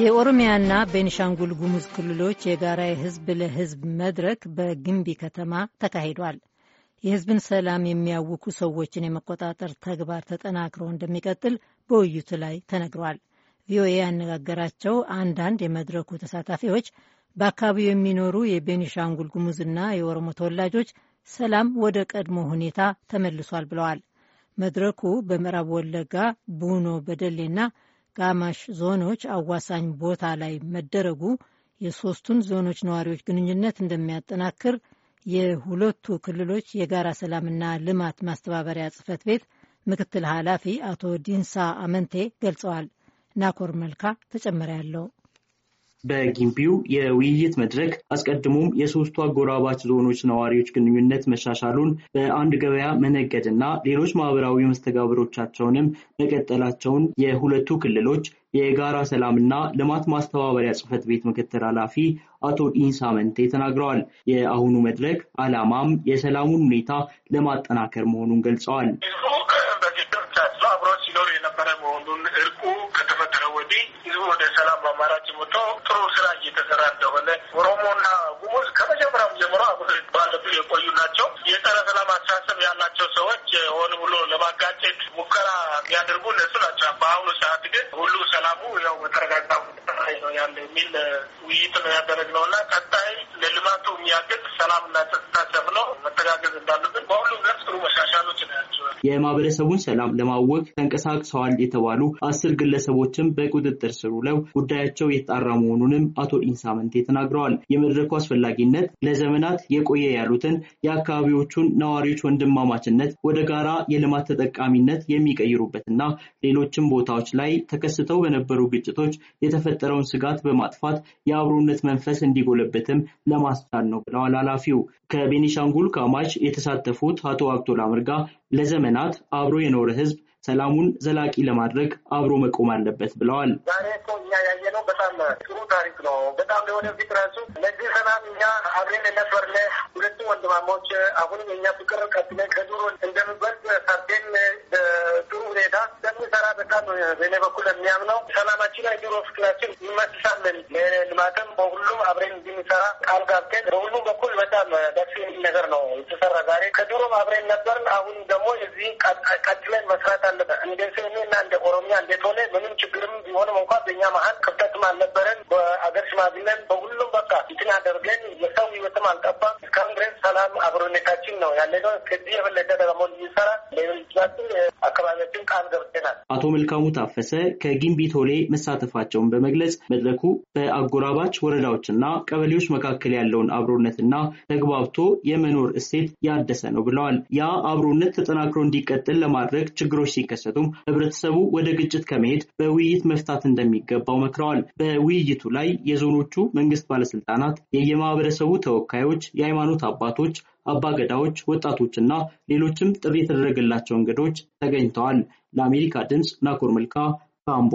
የኦሮሚያና ቤኒሻንጉል ጉሙዝ ክልሎች የጋራ የህዝብ ለህዝብ መድረክ በግንቢ ከተማ ተካሂዷል። የህዝብን ሰላም የሚያውኩ ሰዎችን የመቆጣጠር ተግባር ተጠናክሮ እንደሚቀጥል በውይይቱ ላይ ተነግሯል። ቪኦኤ ያነጋገራቸው አንዳንድ የመድረኩ ተሳታፊዎች በአካባቢው የሚኖሩ የቤኒሻንጉል ጉሙዝና የኦሮሞ ተወላጆች ሰላም ወደ ቀድሞ ሁኔታ ተመልሷል ብለዋል። መድረኩ በምዕራብ ወለጋ ቡኖ በደሌና ጋማሽ ዞኖች አዋሳኝ ቦታ ላይ መደረጉ የሶስቱን ዞኖች ነዋሪዎች ግንኙነት እንደሚያጠናክር የሁለቱ ክልሎች የጋራ ሰላምና ልማት ማስተባበሪያ ጽህፈት ቤት ምክትል ኃላፊ አቶ ዲንሳ አመንቴ ገልጸዋል። ናኮር መልካ ተጨመሪ ያለው በጊምፒው የውይይት መድረክ አስቀድሞም የሶስቱ አጎራባች ዞኖች ነዋሪዎች ግንኙነት መሻሻሉን በአንድ ገበያ መነገድ እና ሌሎች ማህበራዊ መስተጋብሮቻቸውንም መቀጠላቸውን የሁለቱ ክልሎች የጋራ ሰላምና ልማት ማስተባበሪያ ጽህፈት ቤት ምክትል ኃላፊ አቶ ኢንሳመንቴ ተናግረዋል። የአሁኑ መድረክ ዓላማም የሰላሙን ሁኔታ ለማጠናከር መሆኑን ገልጸዋል። ወደ ሰላም አማራጭ መጥቶ ጥሩ ስራ እየተሰራ እንደሆነ ኦሮሞና ጉሙዝ ከመጀመሪያም ጀምሮ አብሮ ባለቱ የቆዩ ናቸው። የጸረ ሰላም አስተሳሰብ ያላቸው ሰዎች ሆን ብሎ ለማጋጨት ሙከራ የሚያደርጉ እነሱ ናቸው። በአሁኑ ሰዓት ግን ሁሉ ሰላሙ ያው በተረጋጋ ነው ያለ የሚል ውይይት ነው ያደረግነው እና ቀጣይ ለልማቱ የሚያግዝ ሰላምና ጸጥታ ሰፍነው መተጋገዝ እንዳለብን በሁሉም ዘርፍ ጥሩ መሻሻል የማህበረሰቡን ሰላም ለማወቅ ተንቀሳቅሰዋል የተባሉ አስር ግለሰቦችም በቁጥጥር ስር ውለው ጉዳያቸው የተጣራ መሆኑንም አቶ ኢንሳ መንቴ ተናግረዋል። የመድረኩ አስፈላጊነት ለዘመናት የቆየ ያሉትን የአካባቢዎቹን ነዋሪዎች ወንድማማችነት ወደ ጋራ የልማት ተጠቃሚነት የሚቀይሩበትና ሌሎችም ቦታዎች ላይ ተከስተው በነበሩ ግጭቶች የተፈጠረውን ስጋት በማጥፋት የአብሮነት መንፈስ እንዲጎለበትም ለማስቻል ነው ብለዋል ኃላፊው። ከቤኒሻንጉል ካማሽ የተሳተፉት አቶ አብቶላ ምርጋ ለዘመ ዘመናት አብሮ የኖረ ህዝብ ሰላሙን ዘላቂ ለማድረግ አብሮ መቆም አለበት ብለዋል። ዛሬ እኮ እኛ ያየነው በጣም ጥሩ ታሪክ ነው። በጣም ለወደፊት ራሱ ለዚህ ሰላም እኛ አብሬን ነበርነ ሁለቱ ወንድማሞች አሁንም የኛ ፍቅር ቀጥለ ከዱሮ እንደምበልጥ ሰርቴን ጥሩ ሁኔታ እንደሚሰራ በጣም በእኔ በኩል የሚያምነው ሰላማችን ላይ ድሮ ፍቅራችን ይመስሳለን። ልማትም በሁሉም አብሬን እንድንሰራ ቃል ጋብተን የተሰራ ዛሬ ከድሮ አብረን ነበርን። አሁን ደግሞ እዚህ ቀጥለን መስራት አለበት። እንደ ሴኔ እና እንደ ኦሮሚያ እንደሆነ ምንም ችግርም ቢሆንም እንኳ በእኛ መሀል ክፍተትም አልነበረን። በአገር ሽማግለን በሁሉም በቃ እንትን አደርገን የሰው ህይወትም አልጠፋም። እስካሁን ድረስ ሰላም አብሮነታችን ነው ያለነው። ከዚህ የበለጠ ደግሞ እንዲሰራ ለህዝባችን አካባቢያችን ቃል ገብተናል። አቶ መልካሙ ታፈሰ ከጊምቢ ቶሌ መሳተፋቸውን በመግለጽ መድረኩ በአጎራባች ወረዳዎችና ቀበሌዎች መካከል ያለውን አብሮነትና ተግባብቶ የመኖር እሴት ያደሰ ነው ብለዋል። ያ አብሮነት ተጠናክሮ እንዲቀጥል ለማድረግ ችግሮች ሲከሰቱም ህብረተሰቡ ወደ ግጭት ከመሄድ በውይይት መፍታት እንደሚገባው መክረዋል። በውይይቱ ላይ የዞኖቹ መንግስት ባለስልጣናት፣ የየማህበረሰቡ ተወካዮች፣ የሃይማኖት አባቶች፣ አባገዳዎች፣ ወጣቶችና ሌሎችም ጥሪ የተደረገላቸው እንግዶች ተገኝተዋል። ለአሜሪካ ድምፅ ናኮር መልካ ካምቦ